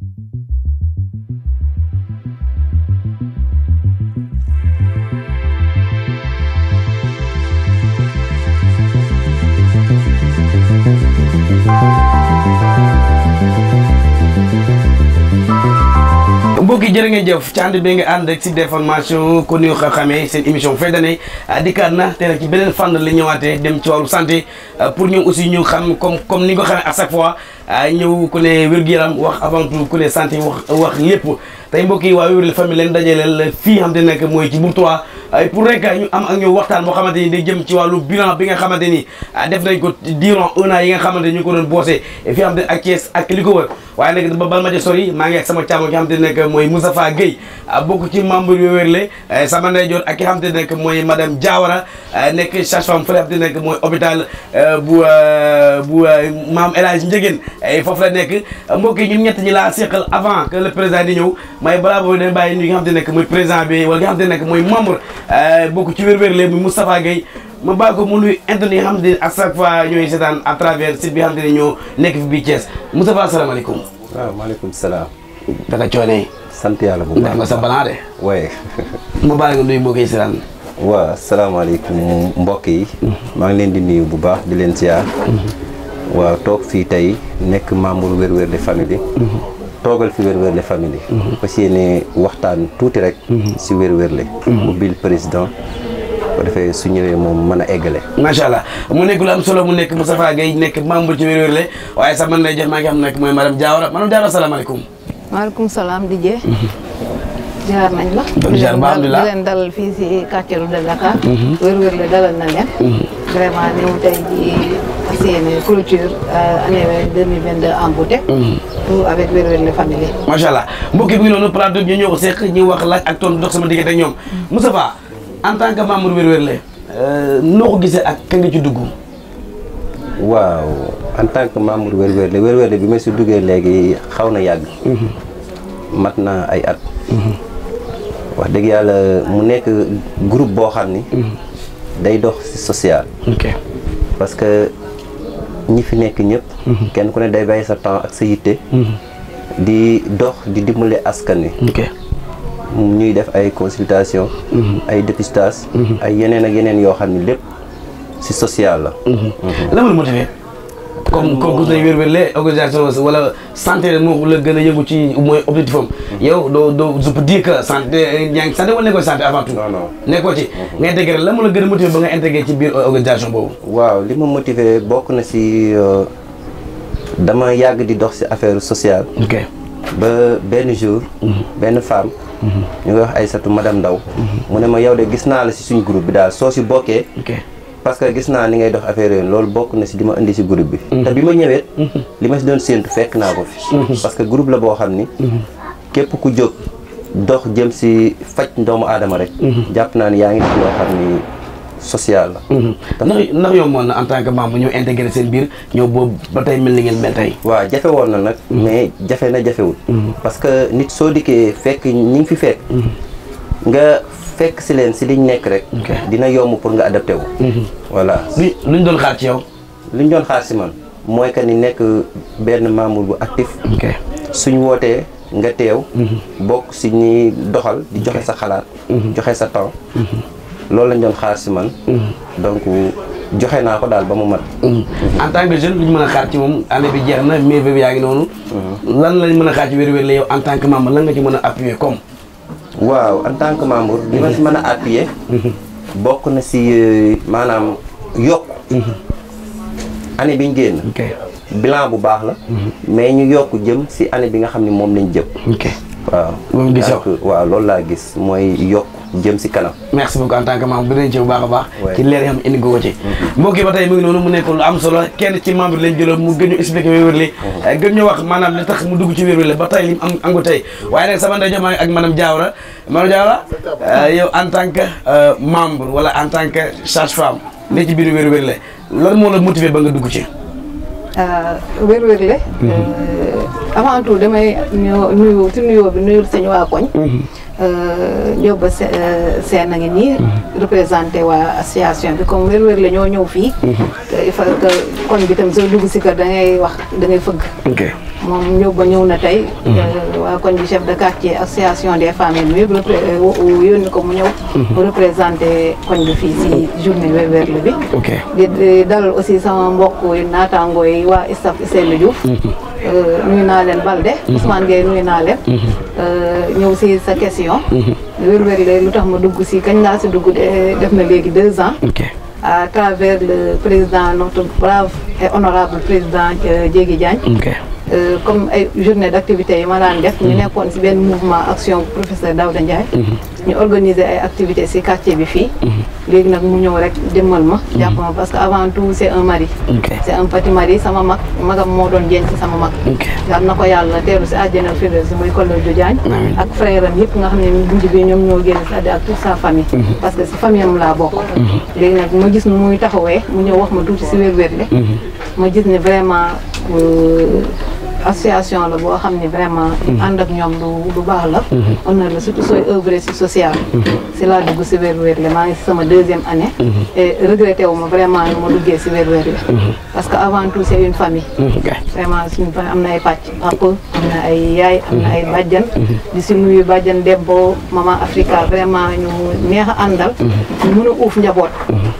thank you mbokk yi jërë ngeen jëf ci ànd bi nga ànd rek si kon ñu xamee seen émission fin d'année ah, dikkaat na te nag ci beneen fànn la ñëwaatee dem ci wàllu santé ah, pour ñu aussi ñu xam comme comme ni ko xamee à chaque fois ah, ñëw ku ne wér gu wax avant tout ku ne santé wax wax lépp tey mbokk yi waa wér famille leen dajaleel fii xam te nekk mooy ci Bourtois pour rek ñu am waxtaan boo xamante ni day jëm ci wàllu bilan bi nga xamante ni def nañ ko durant un yi nga xamante ni ko doon boosee fii ak Thiès ak li ko wër waaye nag ba bal ma ja sori maa ngi ak sama càmm ki xam nekk mooy Moustapha Guèye ah, bokk ci membre yu wér la eh, sama ndeyjoor ak ki xam te nekk mooy madame Diawara eh, nekk sage-femme fële xam te nekk mooy hôpital eh, bu bu maam El Hadj Ndiégène foofu la nekk mbokk yi ñun ñett ñi laa avant que le président di ñëw may balaa boobu dañ bàyyi ñu nga xam te nekk mooy président bi wala nga xam nekk mooy membre bokk ci wér-wér la muy Moustapha Guèye ma bàyyi ko mu nuyu internet yi nga xam ne à chaque fois ñooy seetaan à travers site bi xam ne ñoo nekk fi biir Thiès Moustapha asalaamaaleykum. waaw maaleykum salaam. daka coonee. sant yàlla bu baax nga sa balaa de. waaye. ma bàyyi ko nuyu mbokk yi seetaan. waaw salaamaaleykum mbokk yi. Mhm. maa ngi leen di nuyu bu baax di leen siyaar. Mhm. waaw toog fii tey nekk membre Wër Wër de famille. Mhm. toogal fi Wër Wër le famille. fas yéene waxtaan tuuti rek. si Wër Wër le. ubbil président. ko defee su ñëwee moom mën a eggale macha allah mu nekk lu am solo mu nekk Moustapha Gueye nekk membre ci Wér Wérlé waaye sax man lay jox maa ngi xam nekk mooy madame Diawara madame Diawara asalaamaaleykum maaleykum salaam di jee mhm. jaar dalal fii si quartier de Dakar mhm. Wér Wérlé dalal na a mhm. vraiment ñëw tey ji fas yéene culture euh, année 2022 en beauté tout avec Wér Wérlé famille macha allah mbokki bi ngi noonu plateau ñu ñëw ko seq ñu wax laaj ak tontu dox sama diggante ak ñoom Moustapha en tant que membre Weer Werle euh, noo ko gisee ak ka nga ci dugg. waaw en tant que membre Weer Werle Weer Werle bi ma si duggee léegi xaw na yàgg. Mhm. mat na ay at. Mhm. wax dëgg yàlla mu nekk groupe boo xam ni. Mhm. day dox ci social. ok que ñi fi nekk ñëpp. kenn ku ne day bàyyi sa temps ak sa yitte. di dox di dimbale askan wi. ñuy def ay consultation mm-hmm. ay dépistage mm-hmm. ay yeneen ak yeneen yoo xam ne lépp si social la la mën motivé comme comme gis nañ wér-wérle organisation wala santé moo la gën a yëngu ci mooy objectif am mm-hmm. yow doo doo je peux dire que santé ñaa ngi santé wala nekkoo santé avant tout nekkoo ci nga intégré la mu la gën a motivé ba nga intégré ci biir euh, organisation boobu waaw li ma motivé bokk na si euh, dama yàgg di dox si affaire sociale ba benn jour benn femme ñu ngi wax Aïssatou madame Ndaw mu ne ma yow de gis naa la si suñ groupe bi daal soo si bokkee parce que gis naa ni ngay dox affaire yooyu loolu bokk na si di ma indi si groupe bi mhm. te bi ma ñëwee li ma si doon séentu fekk naa ko fi mhm. parce que groupe la boo xam ni mhm. képp ku jóg dox jëm si faj doomu aadama rek jàpp naa ni yaa ngi si loo xam ni social la. Mhm. ndax ndax yomboon na en tant que membre ñëw intégré seen biir ñëw boobu ba tey mel ni ngeen mel tey. waaw jafe woon na nag. Mhm. mais jafe na jafewul. Mhm. parce que nit soo dikkee fekk ñi ngi fi fekk. nga fekk si leen si liñ nekk rek. dina yomb pour nga adapté wu. voilà luñ doon xaar ci yow. liñ doon xaar si man mooy que ni nekk benn membre bu actif. suñ wootee. nga teew bokk si ñuy doxal di joxe sa xalaat joxe sa taw loolu lañ doon xaar si man. Mm. donc joxe naa ko daal ba mu mat. Mm. en tant que jeune lu mën a xaar ci moom année bi jeex na mais bébé yaa ngi noonu. Mm-hmm. lan lañ mën a xaar ci Wér Wér la yow en tant que mën a appuyer comme. waaw en tant que membre. li a appuyer. Mm-hmm. bokk na si euh, maanaam yokk. Mm-hmm. année bi ñu bilan bu baax la. mais ñu yokk jëm si année bi nga xam ne moom lañ jëm. ok waaw. waaw loolu laa gis mooy yokk. jëm si kanam merci beaucoup en tant que membre dinañ ci bu baax a baax ci leer yi xam indi ko ci mbokk yi ba tey mu ngi noonu mu nekk lu am solo kenn ci membre lañ jëloon mu gën ñu expliqué wér li mm-hmm. gën ñu wax maanaam li tax mu dugg ci wér li ba tey li mu am angu tey waaye nag sama ndaje maa ngi ak madame Diawara madame Diawara euh, yow en tant que euh, membre wala en tant que sage-femme ne ci biir wér wér le lan moo la motivé ba nga dugg ci wér wér le avant tout damay ñëw nuyu ci nuyoo bi nuyul sañu waa koñ mm-hmm. Ndioba euh, Sène euh, a ngi nii. Mhm. représenté waa association bi comme wér-wér la ñoo ñëw fii. Mhm. te il faut bi tam soo dugg si kër dangay wax da ngay fëgg. moom ba ñëw na tey. Mhm. Euh, waa koñ bi chef de quartier association des femmes yi mu yónni ko mu ñëw. mu bi fii si journée wér-wér la bi. di aussi sama mbokk naataangoo yi waa staff Ousseynou Diouf. Euh, nuyu naa leen Balde. Mhm. Ousmane Gueye nuyu naa leen. Mhm. Euh, ñëw si sa question. wér-wér mhm. la lu tax ma dugg si kañ laa si dugg def na léegi deux ans. à travers le président notre brave et honorable président jéegi euh, Diagne. Euh, comme ay journée d' activité yi ma daan def ñu nekkoon si benn mouvement action professeur Daouda Ndiaye mhm. ñu organiser ay activité si quartier bi fii mhm. léegi nag mu ñëw rek demal ma mhm. jàpp ma parce que avant tout c' est un mari c' est un sama mag magam moo doon jeen ci sama mag yal na ko yàlla teeru si àjjana Firdawsi muy Kollo Diagne ak frère am yëpp nga xam ne mujj bi ñoom ñoo génn si àddina ak toute sa famille parce que si famille am laa bokk léegi ma gis nu muy taxawee mu ñëw wax ma tuuti si wér-wér le ma vraiment euh, association la boo xam ni vraiment. Mhm. ànd ak ñoom lu baax la. honneur mhm. la surtout sooy œuvrer si social. Mhm. si laa dugg si weer weer la maa ngi sama deuxième année. et regretté wu ma vraiment nu ma duggee si weer weer la. parce que avant tout c' est une famille. vraiment suñu famille am na ay pàcc papa am na ay yaay am na ay bàjjan. di si nuyu dem boo maman Africa vraiment ñu neex a àndal. ñu mën a uuf njaboot.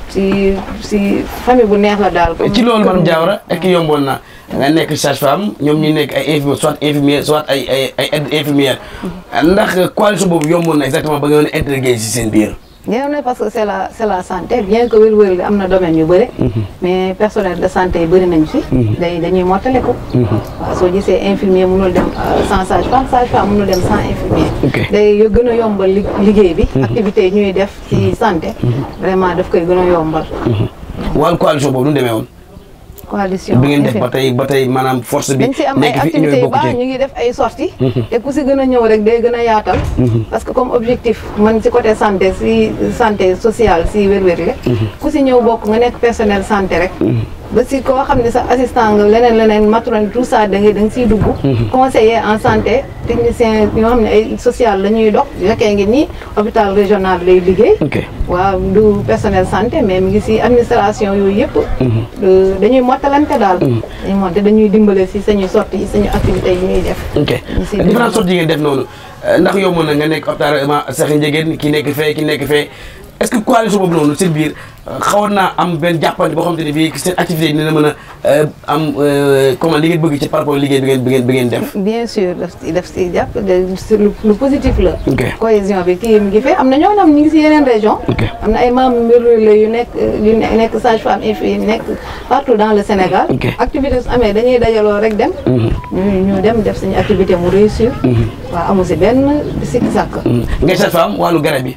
si si famille bu neex la daal. ci loolu man Diawara ak yomboon naa. da nga nekk sage-femme ñom ñi nek ay infirmier soit infirmier soit ay ay aide infirmière ndax coalition bobu yomboon na exactement ba nga leen intégré ci seen biir. ñëw na parce que c'est la c'est la santé bien que wér-wér amna domaine yu bëri. Mhm. mais personnel de santé bëri nañ ci mhm. day dañuy mottale ko. so soo gisee infirmier mënul dem euh, sans sage-femme sage-femme mënul dem sans infirmier. day gën gëna yombal liggéey bi. Mhm. activité ñuy def ci santé. vraiment daf koy gëna yombal. wàllu coalition bobu nu démé won coalition bi ngeen def ba tey ba tey maanaam force bi. nekk fi ñooy ci dañ si am ay activités yu baax ngi def ay sorties. Mhm. te ku si gën a ñëw rek day gën a yaatal. Mhm. parce que comme objectif man si côté santé si santé sociale si wér-wér la. Mhm. ku si ñëw bokk nga nekk personnel santé rek. ba si koo xam ne sa assistant nga leneen leneen matron tout ça da nga siy dugg. Mhm. conseiller en santé technicien ñoo xam ne ay social la ñuy dox yokkee ngi nii hôpital régional lay liggéey. waaw du personnel santé mais mi ngi si administration yooyu yëpp. Mhm. Euh, dañuy mottalante daal. Mhm. dañuy mottalante dañuy dimbale si sañuy sorti yi sañu activité yi ñuy def. ok différentes sorties yi ngeen def noonu ndax yomb na nga nekk hôpital sax njëgeen ki nekk fee ki nekk fee. est-ce que coalition boobu noonu seen biir euh, xawoon naa am ben jàppante bo xam bi ci bii activité ni dina meuna am euh, comment li ngeen bëgg ci par rapport liggéey bi ngeen bi ngeen def. bien sûr def si daf si jàpp positif la. cohésion bi kii mi ngi fi am na ñoo am ñu ngi si yeneen région am na ay membres mbir la yu nekk yu nekk sage femme et yu nekk partout dans le Sénégal. activité su amee dañuy dajalo rek dem. Mhm. ñu dem def suñu activité mu réussir. Mhm. wa amu si benn sikki sak mhm. nga sage femme walu garab yi.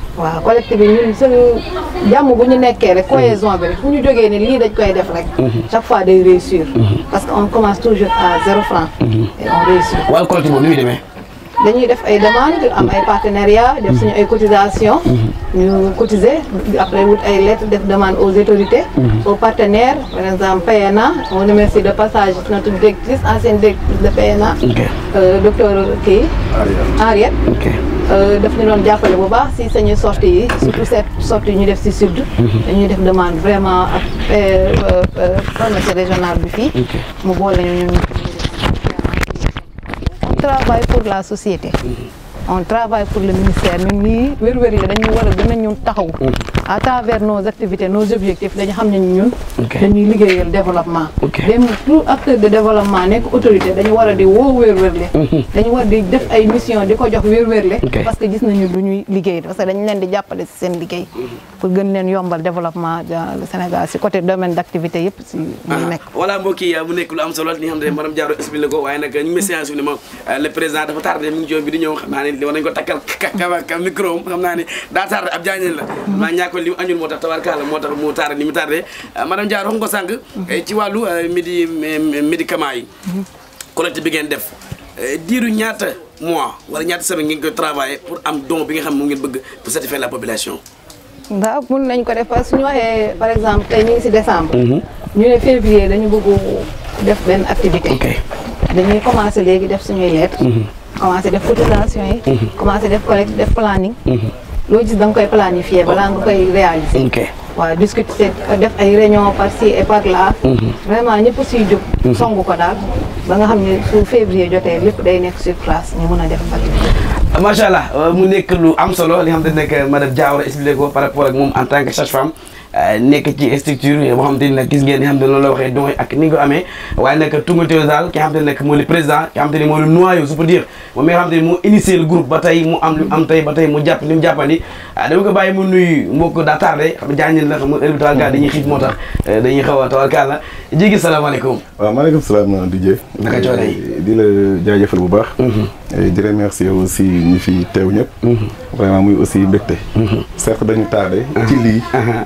waaw collectif bi ñun suñu jàmm bu ñu rek cohésion bi rek fu ñu jógee ne dañ koy def rek mhm. chaque fois day réussir mhm. parce qu'on commence toujours à zéro franc mhm. et on réussit waaw collectif boobu ni demain? demee dañuy def ay demandes am ay partenariat def suñu ay cotisations. ñu cotiser après wut ay lettres def demande aux autorités. aux partenaires par exemple PNA on merci de passage notre directrice ancienne directrice de PNA. Euh, docteur euh, kii OK Euh, daf ñu doon jàppale bu baax si sañuy sorti yi surtout cette sorti ñu def si sud dañuy def demande vraiment ak euh, euh, pharmacie régionale bi fii mu boole ñu ñu on travaille pour la société mm-hmm. on travaille pour la ministère ñun lii wér-wér yi dañu war a gën a ñun taxaw mm-hmm. à travers nos activités nos objectifs dañu xam ne ñun. dañuy liggéeyal développement. même tout acteur de dañu war a di woo wér-wérle. Mhm. dañu war di def ay mission di ko jox wér parce que gis nañu lu ñuy liggéey parce que dañu leen di jàppale si seen liggéey. Mhm. pour gën leen yombal développement Sénégal si côté domaine d' activité yëpp si. muy ah, nekk voilà mbokk yi mu nekk lu am solo li nga xam ne ko waaye nag ñu ngi séance bi ne ma euh, le président dafa tardé la mhm. li mu añul moo tax tabarkaala moo tax mu taara ni mu tardé euh, madame Diar wax nga ko sànq euh, ci wàllu euh, midi médicament yi collecte bi ngeen def diiru ñaata mois wala ñaata semaine ngeen koy travailler pour am don bi xam moom ngeen bëgg pour satisfaire la population waaw mun nañ ko def parce que suñu waxee par exemple tey ñu ngi si décembre mhm. ñu ne février dañu bëgg def benn activité dañuy commencé léegi def suñuy lettre mhm. commencé def mhm. def collecte def planning loo gis da nga koy planifier balaa nga koy réaliser. ok waaw discuter def ay réunion par ci et par là. Mhm. vraiment ñëpp si jóg. Mhm. song ko daal ba nga xam ne su février jotee lépp day nekk sur place ñu mun a def Fatick. macha allah euh, mu nekk lu am solo li nga xam te ne ko par rapport moom en tant que sage Euh, nekk ci structure yi nga xamante ni nag gis ngeen ni xam ne loolu la waxee donc ak ni nga ko amee waaye nag Toubatois daal ki nga xam te ne nag moo di président ki nga xam te ne moo di noyau su peut dire moom mi nga xam ne moo initié le groupe ba mu am lu am tey ba mu jàpp ni mu jàppandi ah, dama ko bàyyi mu nuyu mbokk daa tardé xam jaañen la xam nga heure bi tawarkaal dañuy xiif moo tax euh, dañuy xaw a tawarkaal la jéegi salaamaaleykum euh, la bu baax mm-hmm. di remercier aussi ñi fi teew ñëpp mm-hmm. vraiment muy a mbégte mm-hmm. certes dañu tardé ci ah, lii ah,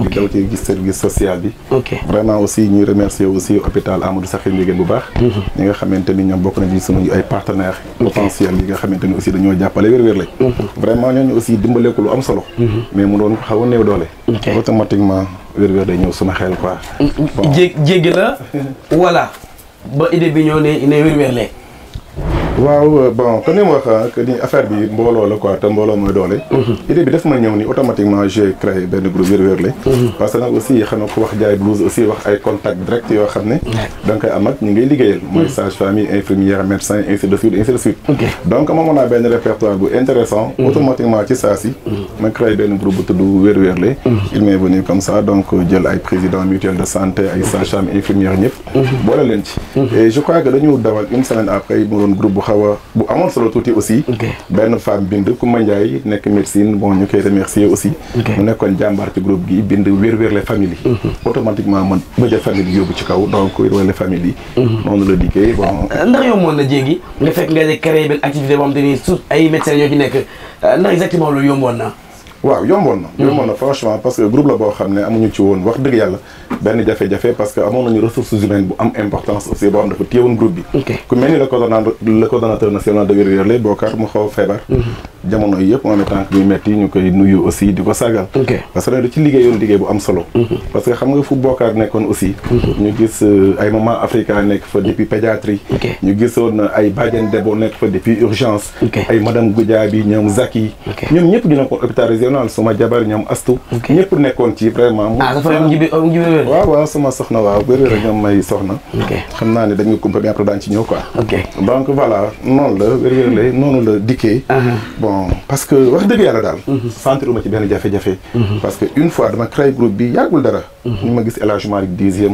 di daw ci service social bi vraiment aussi ñuy remercier aussi hôpital Amadou Sakhir Ndiéguène bu baax mhm. ñi nga xamante ni ñoom bokk nañu suñu ay partenaires potentiels yi nga xamante ni aussi dañoo jàppale wér-wér lañ mhm. vraiment ñooñu aussi dimbale lu am solo mhm. mais mu doon xaw a néew doole automatiquement wér-wér day ñëw suma xel quoi jé jéggi la voilà ba idée bi ñëw ne ne wér-wér la waaw euh, bon kon ni ma wax que ni affaire bi mbooloo la quoi te mbooloo mooy doole. Mhm. idée bi daf ma ñëw ni automatiquement j'ai créé benn groupe Wër Wër la. parce que nag aussi xam ko wax jaay blouse aussi wax ay contact direct yoo xam ne. da nga koy am ak ñu ngay liggéeyal. mooy mhm. sage famille infirmière médecin ainsi de suite ainsi de suite. donc moomoon naa benn répertoire bu intéressant mhm. automatiquement ci saa si. ma créé benn groupe bu tudd Wër Wër la. il m'est venu comme ça donc euh, jël ay président mutuel de santé ay sage femme infirmière ñëpp. boole leen ci. et je crois que dañu dawal une semaine après mu doon groupe xaw bu amoon solo tuuti aussi. benn femme bind ku ma Ndiaye nekk médecine bon ñu koy remercier aussi. mu nekkoon jàmbaar ci groupe gi bind wér-wér les familles mhm. automatiquement man ba famille yóbbu ci kaw donc wér-wér les familles yi. Mhm. noonu la liggéey bon. Ah, ndax yow na jéggi nga fekk nga ne benn activité boo xam te ni ay médecins ñoo nekk ah, ndax exactement loolu yomboon na waaw hmm. franchement parce que groupe la boo xam amuñu ci woon wax dëgg benn parce que ressources humaines bu am importance aussi groupe le coordonnateur national de le Bokar mu a hmm. jamono yi yëpp moom itam metti aussi parce que da ci liggéey bu am solo hmm. parce que xam nga Bokar aussi ñu gis euh, ay maman mamans depuis pédiatrie ñu euh, ay depuis urgence ay madame Zaki national sama jabar ñoom astu ñepp nekkoon ci vraiment ah, waaw waaw suma soxna waaw bëri rek ñoom may soxna xam naa ne dañ nga kumpa mais après dañ ci ñëw quoi donc voilà non la wér-wér lay noonu la dikkee ah, ah. bon parce que wax dëgg yàlla daal mhm. sentiruma ci ben jafé jafé mhm. parce que une fois dama créé groupe bi yagul dara mhm. ñu ma gis élargissement rek e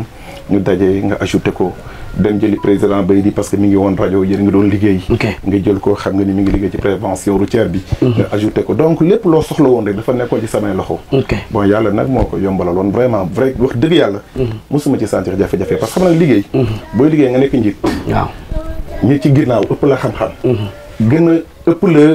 ñu dajé nga ajouter ko dem jëli président bay di parce que mi ngi won radio yéen nga doon liggéey nga jël ko xam nga ni mi ngi liggéey ci prévention routière bi mhm. nga ajouté ko donc lépp lo soxla won rek dafa nekkoon ci samay loxo bon yàlla nag moo ko yombalaloon vraiment vrai wax dëgg yàlla mhm. musuma ci sentir jafe-jafe parce que xam nga liggéey mhm. booy liggéey nga nekk njiit waaw ñi ci ginnaaw ëpp la xam-xam gën a ëpp la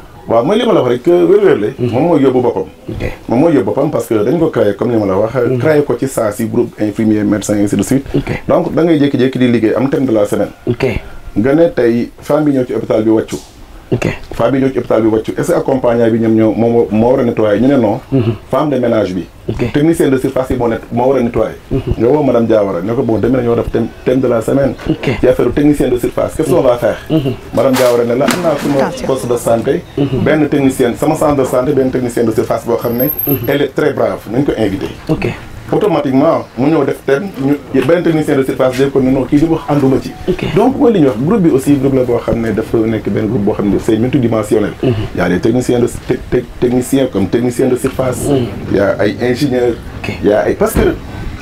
waaw mooy li ma la wax rek euh, Wër Wër la mhm. moom mooy yóbbu boppam moom mooy yóbbu boppam parce que dañ ko créé comme ni wax mhm. créé ko ci saa si groupe infirmier médecin ainsi suite donc da ngay jékki di liggéey am thème de la semaine nga ne tey femme bi ñëw ci hôpital bi wàccu ok femme est ce que non. Mhm. femme de ménage technicien de surface est mhm. madame Diawara bon thème de la semaine. le technicien de surface qu'est-ce qu'on va faire. Mhm. madame Diawara elle la là, poste de santé. technicien de santé technicien de surface elle est très brave nañ automatiquement mu ñëw def thème ñu benn technicien de surface def ko ne non kii di wax ànduma ci. donc mooy li wax groupe bi aussi groupe la boo xam ne dafa nekk benn groupe boo xam ne c'est multidimensionnel. Mhm. y a des de techniciens comme technicien de surface. Mhm. y ay ingénieurs. y ay parce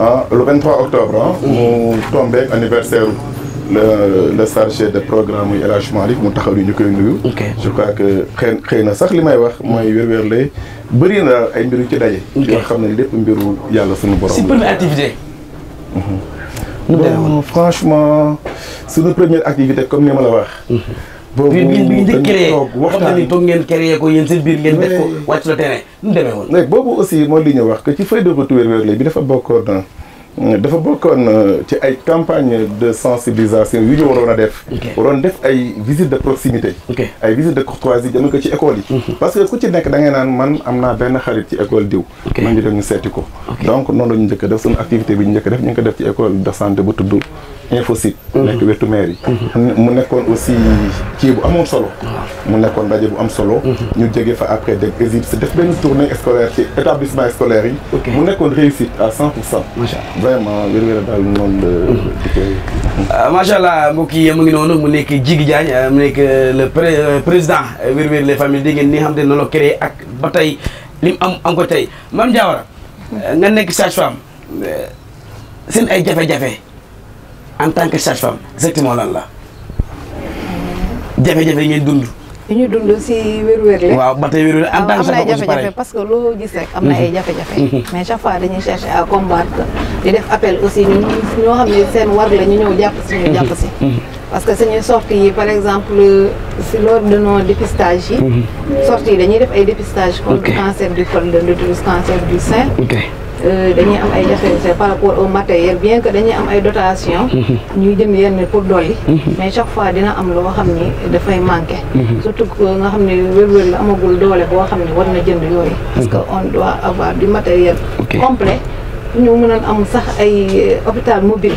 ah le 23 octobre ah. mu tombeek anniversaire le le chargé de programme muy El Hadj Malick mu taxaw ni ñu koy nuyu. je crois que xëy xëy na sax li may wax mooy wér-wér lay bëri na ay mbir yu ci daje. yoo xam ne lépp mbiru yàlla suñu borom. si première activité. Mhm. bon franchement c'est suñu première activité comme ni ma la wax. Mhm. boobu bi bi ni toog ngeen créé ko yéen seen biir ngeen def ko wàcc la terrain nu demee woon. léegi boobu aussi mooy li ñu wax que ci feuille de route wér-wér bi dafa bokkoon dafa bokkoon euh, ci ay campagne de sensibilisation yu ñu waroon a def. waroon def ay visite de proximité. ay visite de courtoisie jëme ko ci école yi. Mhm. parce que ku ci nekk da ngay naan man am naa benn xarit ci école diw. man ngi dem ñu seeti ko. donc noonu ñu njëkk def suñu activité bi ñu njëkk def ñu ngi ko def ci école de santé bu tudd Infosite. Mhm. nekk wetu maire yi. Mhm. mu nekkoon aussi kii bu amoon solo. mu nekkoon ndaje bu am solo. ñu jóge fa après dem Égypte def benn tournée scolaire ci établissement scolaire yi. mu nekkoon réussite à 100 pour cent. vraiment euh, macha allah mbokk yi mu ngi noonu mu nekk Djigui Diagne euh, mu nekk euh, le président wér-wér les familles dégg ngeen ni nga xam ne noonu la créé ak ba tey li mu am encore tey Mame Diawara nga nekk sage-femme seen ay jafe-jafe en tant que sage-femme exactement lan la jafe-jafe yi ngeen yu ñu dund si wér-wér waaw ba tey wér-wér en am na ay jafe-jafe parce que loo gis rek am na ay mhm. jafe-jafe mhm. mais chaque dañuy chercher à combattre di def appel aussi ñoo xam ne seen war la ñu ñëw jàpp si ñu jàpp si mhm. parce que suñuy sorties yi par exemple si lors de nos dépistages yi sorties dañuy def ay dépistage contre cancer du col de cancer du sein Euh, dañuy am ay jafe-jafe par rapport au matériel bien que dañuy am ay dotation mhm. ñuy jënd yenn pour dolli mhm. mais chaque fois dina am loo xam ni dafay manqué mhm. surtout ko nga xam ne wér-wér la amagul doole boo xam ne war na jënd yooyu parce que on doit avoir du matériel complet ñu mënoon am sax ay hôpital mobile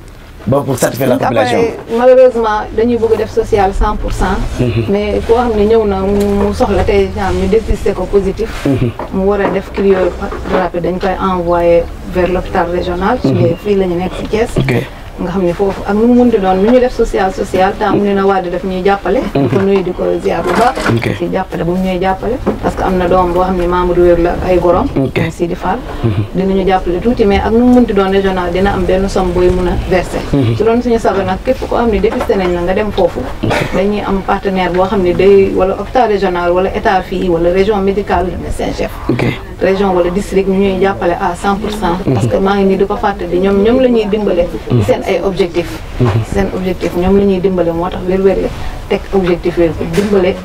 bon pour satisfaire la population malheureusement dañuy bëgg def social 100 mhm. mais pour xam ne ñëw na mu soxla tey genre ñu dépister ko positif. Mhm. mu war a def crieur rapide dañ koy envoyé vers l'hôpital régional. su dee le la ñu nekk ci nga xam ne foofu ak nu mu munti doon nu ñu def social social te amuñu na waa di def ñuy jàppale. Mm-hmm. di ñuy jàppale. parce que am na doom boo xam ne Mamadou Wér la ay gorom. ok si di faal. mais ak nu mu munti doon régional dina am benn somme booy mun a versé. Mm-hmm. su doon suñu sago nag képp koo xam ne dépisté nañ la nga dem foofu. Mm-hmm. dañuy am partenaire boo xam ne day wala hôpital régional wala état fii wala région médicale le médecin chef. région wala district ñu ñuy jàppale à 100 pour cent. parce que maa ngi nii di ko fàttali ñoom ñoom la ñuy dimbale. seen ay objectif mhm. seen objectif ñoom la ñuy dimbale moo tax wér-wér la teg objectif yooyu pour dimbale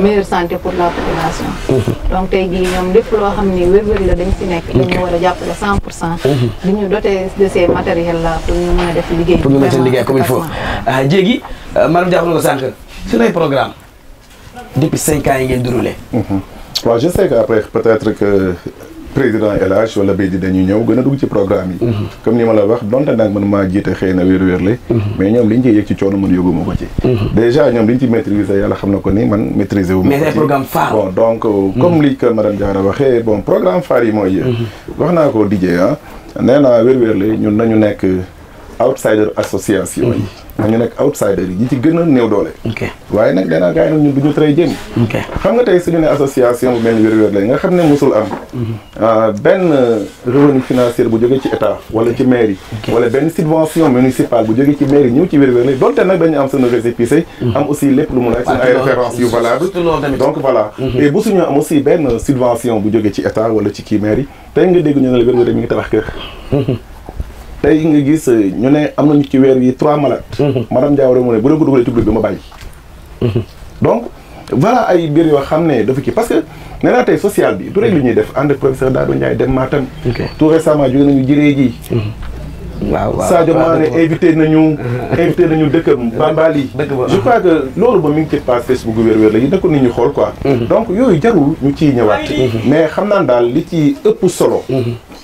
meilleure santé pour la population mhm. donc tey jii ñoom lépp loo xam ni wér-wér la dañ si nekk dañ ñu war a jàppale cent pour cent mhm. di ñu doté de ces matériels là pour ñu mën a def liggéey pour ñu mën seen liggéey comme il faut ah, jéegi euh, madame Diakhoune ko sànq sur ay programme depuis cinq ans yi ngeen déroulé waaw je sais que après peut-être que président El Hadj wala Béji dañuy ñëw gën a dugg ci programme yi. Mhm. comme ni ma la wax donte nag man maa jiite xëy na wér wér mhm. mais ñoom liñ ciy yëg ci coono man yóbbu ko ci. Mhm. dèjà ñoom liñ ci maîtriser yàlla xam na ko ni man maîtriser wu ma ko programme phare. bon donc euh, comme li ko madame Diarra waxee bon programme phare yi mooy. wax naa ko DJ ah wér wér la nañu nekk. outsider association yi. Mm-hmm. ñu nekk outsider yi ñi ci gën a néew doole. waaye nag danaa naa yi ñun du ñu tray jéem. xam nga tey suñu ne association bu mel ni wér-wér lay nga xam ne mosul am. Mm-hmm. Ah, benn revenu financier bu jógee ci état wala ci mairie. wala benn subvention municipale bu jógee ci mairie ñëw ci wér-wér lay donte nag dañu am suñu récépissé. Mm-hmm. am aussi lépp lu mu laaj suñu ay références yu valable donc voilà. et bu suñu am aussi benn subvention bu jógee ci wala ci kii mairie tey nga dégg ñu ngi tey nga gis euh, ñu né am nañu ci wër yi 3 malade mhm. madame diawre mu ne bu dee ko dugalee ci bi ma bàyyi. Mhm. donc voilà ay bir yo xamné ne dafa kii parce que né la tay social bi du rek li ñuy def ànd ak professeur Dado Ndiaye dem Matam. tout récemment jóge nañu jiré ji. Mhm. waaw waaw Sadio Mané invité nañu. invité nañu dëkkam Bambali. je crois que lolu ba mi ngi ci page Facebook wër wër la yi nako nit ñu xol quoi. donc yooyu jarul ñu ci ñëwaat. mais xamna dal li ci ëpp solo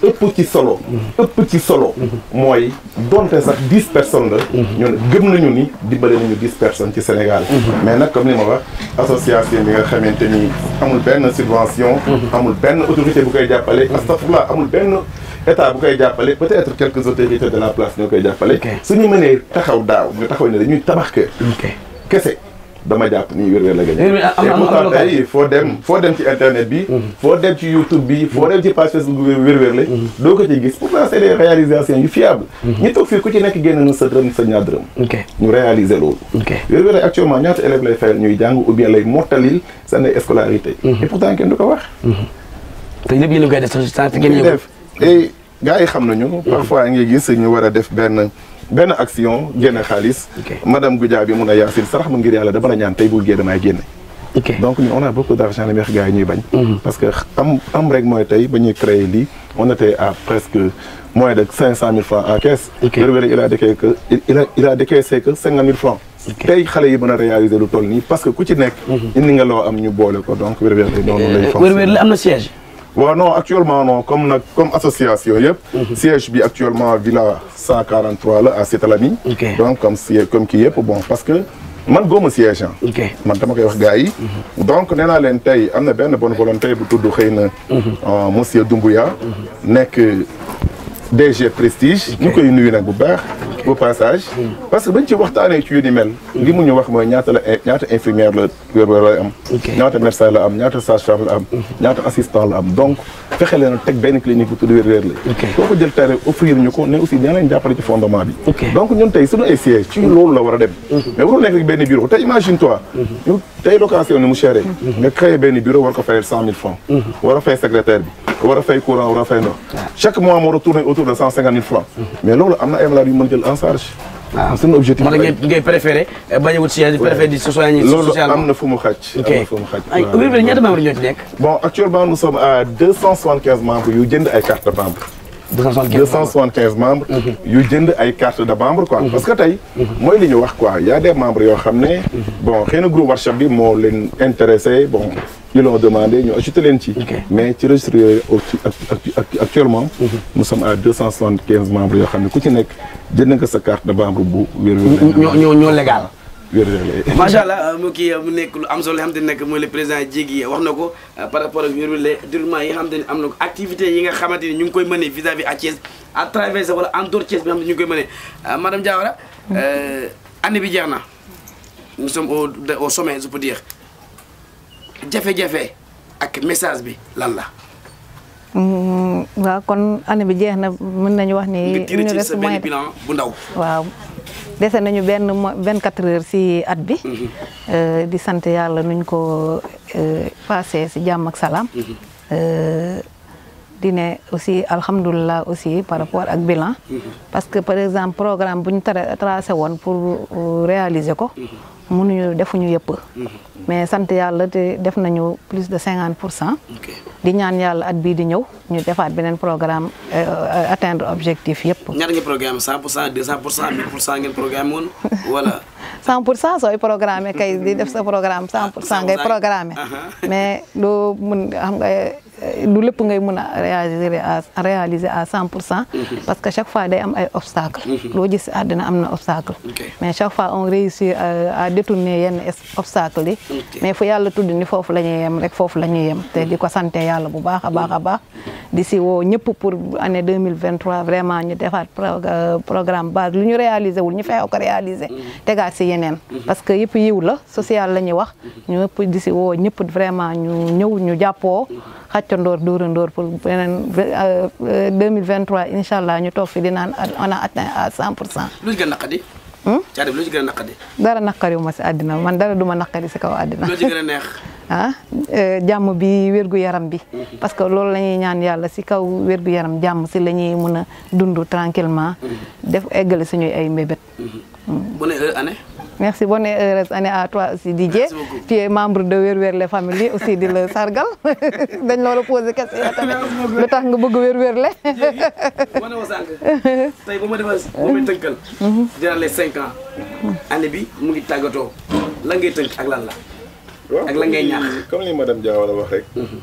ëpp ci solo ëpp ci solo moy donte sax 10 personnes la ñun gëm nañu ni dimbale ñu 10 personnes ci Sénégal mais nak comme ni ma wax association bi nga xamanteni amul ben subvention amul ben autorité bu koy jàppale astafurlah amul ben état bu koy jappalé peut-être quelques autorités de la place ñokay jappalé suñu mënee taxaw daaw ñu taxaw ni dañuy tabax kër kese dama jàpp ni wér-wér la gagné. foo dem foo dem ci internet bi. Mhm. foo dem ci YouTube bi. foo dem ci page Facebook bi wér-wér la. Mhm. doo ko ci gis pourtant c'est des réalisations yu fiable. Mhm. ñu toog fii ku ci nekk génn na sa dërëm sa ñaar dërëm. ok ñu réaliser loolu. ok wér-wér la actuellement ñaata élèves lay fayal ñuy jàng ou bien lay mottalil sa ne scolarité. et pourtant kenn du ko wax. te lépp yéen a ngi koy def sax si ngeen ñëw. def et gars xam nañu. parfois ngay gis ñu war a def benn. ben action génne xaalis. madame Goudia bi mun sarah yaasin ngir yalla dama la ñaan tey bul génn maay génné donc on a beaucoup d'argent les gars ñuy bañ. Mhm. parce que am am rek moy tay ba ñuy créer li on était à presque moins de cinq cent francs en caisse. ok il a décaissé que il a il a décaissé que cinquante mille francs. tay xalé yi mëna réaliser lu toll ni parce que ku ci nek mhm. indi nga lo am ñu bolé ko donc wér-wér. noonu lay euh, fonctionné wér-wér amna siège. Oui, non actuellement non comme comme association mhm. siège bi actuellement villa 143 à Sétalami donc comme comme est, pour bon parce que malgré mon siège Je hein. man dama koy wax mhm. donc nous la une bonne volonté bu tudd xëy mhm. euh, monsieur Doumbouya un DG Prestige Nous, nous nuyu nag bu baax passage. Parce que si on parle de l'étude humaine, ce qu'on parle, c'est combien d'infirmières il y a, combien de à il y a, combien de sages-femmes il y a, combien d'assistants à y Donc, il y a une clinique pour tout le monde. Il faut offrir ça, mais aussi il y a des fondements. Donc, aujourd'hui, si on est siège, c'est ce qu'on doit aller. Mais on n'est pas un bureau. Imagine-toi, aujourd'hui, l'occasion de chérir, on a créé un bureau, on doit faire 100 000 francs. On doit faire secrétaire. On doit faire courant, on doit faire un Chaque mois, on retourne autour de 150 000 francs. Mhm. Mais là, on a un valeur humaine en charge. waaw seen objectif. moo tax ngay ngay préféré eh, bañ a wut préféré socialement loolu am na fu mu xaj. ok am na fu mu xaj. ay oubien membres bon actuellement nous sommes à 275 membres yu jënd ay carte de membre. 275 membres mhm. yu jënd ay carte de membre quoi mhm. parce que tey mhm. mooy li ñu wax quoi y a des membres qui ont ne bon rien de gros. WhatsApp bi moo leen intéressé bon ils l'ont demandé ñu ajouté leen ci mais ci registre yooyu actuellement nous sommes à deux cent soixante-quinze membres yoo xam ne ku ci nekk jënd nga sa carte de membre bu ñoo ñoo légal macha allah mu kii mu nekk lu am solo li xam te le président Diegui wax euh, par rapport ak wérule déroulement yi nga xam te ne am na ko activité yi nga xamante ni ñu koy mënee vis-à-vis à à travers wala en dehors Thiès bi nga ñu koy mënee euh, madame Diawara euh, année bi jeex nous sommes au au sommet je peux dire jafe-jafe ak message bi lan la Mm, waaw kon année bi jeex na mën nañu wax ni. ñu des moyen bilan bu ndaw. waaw dese nañu benn benn quatre heures si at bi. Mm-hmm. Euh, di sant yàlla nuñ ko euh, passé si jàmm ak salaam. Mm-hmm. Euh, di ne aussi alhamdulilah aussi par rapport ak bilan. Mm-hmm. parce que par exemple programme bu ñu tracé woon pour réaliser ko. mënuñu ñu yëpp. Mm-hmm. mais sant yàlla te def nañu plus de cinquante pour cent. di ñaan yàlla at bii di ñëw ñu defaat beneen programme euh, euh, atteindre objectif yëpp. ñaar ngeen programme cent pour cent deux cent pour cent mille pour programme pour cent sooy programme kay di def sa programme cent pour cent ngay programme mais lu mun xam nga. du lépp ngay mën a réaliser à à cent pour cent mhm. parce que chaque fois day am ay obstacle mhm. loo si àddina am na obstacle mais chaque fois on réussit euh, à détourner yenn obstacle yi mais fu yàlla tudd ni foofu la ñuy yem rek foofu la ñuy yem te di ko sante yàlla bu baax a baax a baax mhm. di si woo ñëpp pour année 2023 vraiment ñu defaat euh, programme base lu ñu réaliser wul ñu fexe ko réaliser tegaat si yeneen parce que yëpp yiw la social la ñuy wax ñu ñëpp vraiment ñu ñëw ñu jàppoo feccandoor dóorandoor eh, eh, pour beneen 2023 incha allah ñu toog fi di naan on a atteint à 100 lu ci gën a naqadi. Hmm? caa lu ci gën a naqadi. dara naqari wu ma si àddina man dara du ma naqari kaw àddina. lu ci gën a neex. ah eh, jàmm bi wérgu yaram bi. Mhm. parce que loolu la ñuy ñaan yàlla si kaw wérgu yaram jàmm si la ñuy dundu a dund tranquillement mhm. def eggale suñuy ay mbébét. Mhm. Hmm. bu ne année. merci bonne et heureuse année à toi aussi Didier. tu es membre de Weer Werle famille aussi di la sargal dañ la war a posé question tamit lu tax nga bëgg Weer Werle. ma ne ma sànq tey ba mhm. bi mu ngi tàggatoo. lan ngay tënk ak lan la. ak ngay ñaax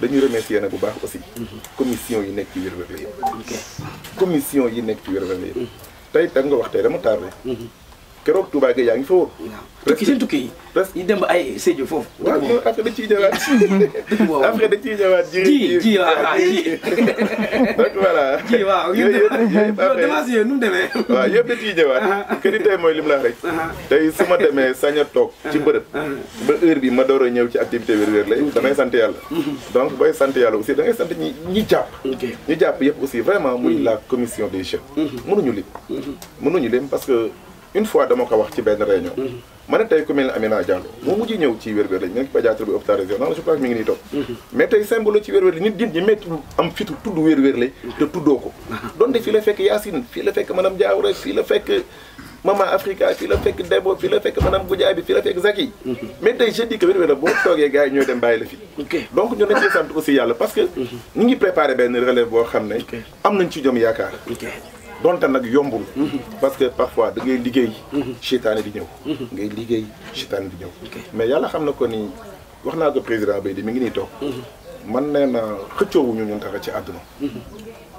dañuy remercier nag bu baax aussi commission yi nekk ci wér-wér la yëpp commission yi nekk ci wér-wér la yëpp tey da nga wax tey dama tardé kérok Touba Gueye yaa ngi fa woon. tukki seen tukki yi. presque dem ay Sédhiou foofu. waaw après dañ ciy ñëwaat. après dañ ciy ñëwaat. ji ji waaw ji donc voilà. ji waaw yëpp yëpp nu mu demee. waaw yépp dañ ciy ñëwaat. que ni tey mooy lim la rek. Uh-huh. tay suma démé saña tok ci uh-huh. bërëb. Uh-huh. ba heure bi ma door ñëw ci activité wër wër lay damay sant yalla donc boy sant yalla aussi da ngay sant ñi ñi jàpp. ñi jàpp yépp aussi vraiment muy la commission des jeunes. mënuñu lim. mënuñu lim parce que une fois dama ko wax ci benn réunion. Mhm. ma ne tey ku mel ne Amina Diallo. moo mujj ñëw ci wér-wér lañ nekk pédiatre bi hôpital régional je pense mi ci wér-wér lañ nit ñi métti am fitu tudd wér-wér lañ. te tuddoo ko. donte fii la fekk Yacine fii la fekk madame Diawara fii la fekk Mama Africa fii la fekk Debo fii la fekk madame Goudiaby fii la fekk Zaki. mais tey je dis wér-wér la boo toogee gars ñooy dem bàyyi la fi. donc ñun dañ cee sant aussi yàlla parce donte nag yombul. Mhm. parce que parfois da ngay liggéey. Mhm. seytaane di ñëw. Mhm. ngay liggéey seytaane di ñëw. mais yàlla xam na ko ni wax naa ko président bay di mi ngi nii toog. man nee wu ñu ñu dara ci àdduna.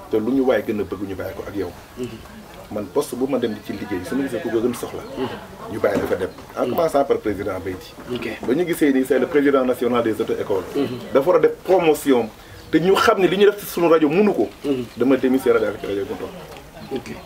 te lu ñu waay gën a bëgg ñu bàyyi ko ak yow. man poste bu ma dem di ci liggéey su ma gisee ku ko gën soxla. ñu bàyyi la fa dem. en commençant par président Beyti. ba ñu gisee nii c'est le président national des auto écoles. dafa war a def promotion te ñu xam ne li ñu def ci sunu rajo mënu ko. dama démissionné daal ci rajo Gontor. Okay.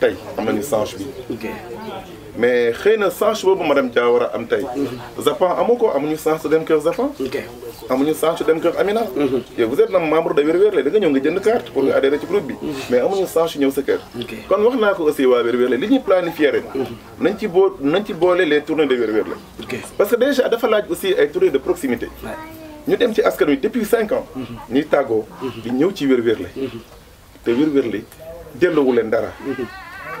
tay am nañu change bi mais xëy na change boobu madame Dia war am tay mhm. Zapan amu ko amuñu chance dem kër Zapan amuñu chance dem kër Amina mhm. yow vous êtes na membre de Weer Weer da nga ñëw nga jënd carte pour nga mhm. adhérer ci groupe bi mais amuñu chance su ñëw sa kër kon wax naa ko aussi waa Weer Weer la li ñuy planifier ren nañ ci boo nañ ci boole les tournées de Weer Weer la parce que déjà dafa laaj aussi ay tournées de proximité ñu dem ci askan wi depuis 5 ans ñuy tàggoo di ñëw ci Weer Weer la te Weer Weer la jëloowu leen dara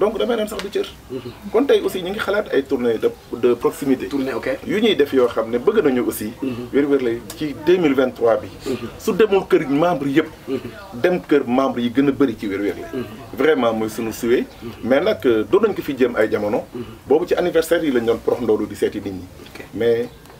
donc damay naan sax du cër. Mhm. kon tey aussi ñu ngi xalaat ay tournées de de proximité. tournée ok yu ñuy def yoo xam ne bëgg nañu aussi. Mhm. wér-wér lay ci 2023 bi. Mhm. su demul kër membre yëpp. dem kër membre yi gën a bëri ci wér-wér lay vraiment mooy sunu suwee. mais nag euh, doo nañ ko fi jëm ay jamono. boobu ci anniversaire yi lañ doon prox ndoolu di seeti nit ñi. mais.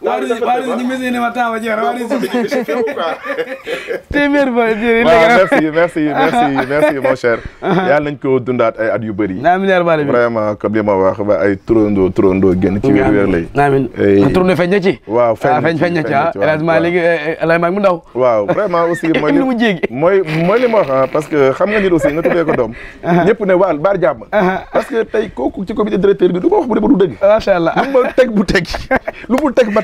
waaw waaw ñu mës ne ma temps ba jeex na waaw téeméer ba jërëjëf. waaw merci merci merci merci mon cher. Uh-huh. yàlla nañ ko dundaat ay at yu bëri. naa amiin baale bi vraiment comme li ma wax ba ay turandoo turandoo génn ci wér-wér lay. amiin turandoo feeñ na ci. waaw feeñ ah, feeñ na ci ah heureusement léegi El Hadj Mag eh, eh, mu ndaw. waaw vraiment aussi. mooy li mu jéegi mooy mooy li ma wax ah parce que xam nga nit aussi nga tuddee ko doom. Uh-huh. ñëpp ne waal baar jàmm. Uh-huh. parce que tey kooku ci comité directeur bi du ma wax bu dee ba du dëgg. macha allah lu ma teg bu teg lu mu teg ba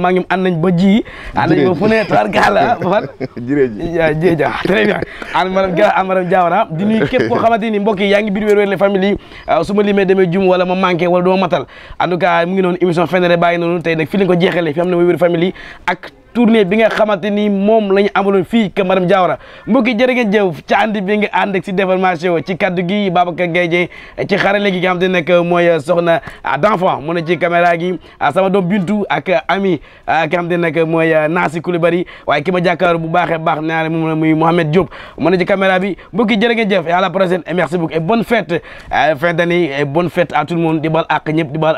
maa ngi ànd nañ ba ji. ànd nañ ba fu ne tarkala fan. jërëjëf ja très bien. an maram Gara an maram Diawara di nuyu képp koo xamante ni mbokk yi yaa ngi biir Weer Werlé famille euh, su ma limee demee jum wala ma manqué wala du ma matal en tout cas mu ngi noonu émission Feeñare bàyyi noonu tey nag fi lañ ko jeexalee fi am na Weer Werlé famille ak tournée bi nga xamante ni moom la ñu amaloon fii kër madame Diawara mbokki jërë ngeen jëf ci ànd bi nga ànd ak si déformation ci kaddu gi Babacar Gueye ci xarale gi nga xam te nekk mooy soxna ah, d'enfant mu ne ci caméra gi ah, sama doom Bintu ak ami ah, ki xam te nekk mooy Naasi Coulibaly waaye ki ma jàkkaar bu baaxee baax naa ne moom la muy Mohamed Diop mu ne ci caméra bi mbokki jërë ngeen jëf et à la merci beaucoup et bonne fête fin d'année et bonne fête à tout le di baal àq ñëpp di baal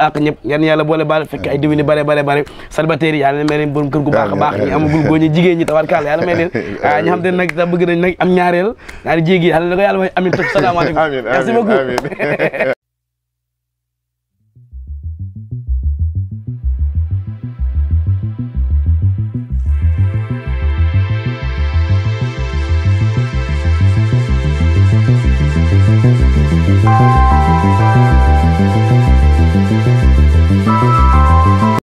baax ñi amagul góoñu jigéen ñi tabarkaale yàlla may leen ah, ñi xam te nag sax am ñaareel ñaari jéegi yàlla na ko yàlla may amin toog salaamaaleykum merci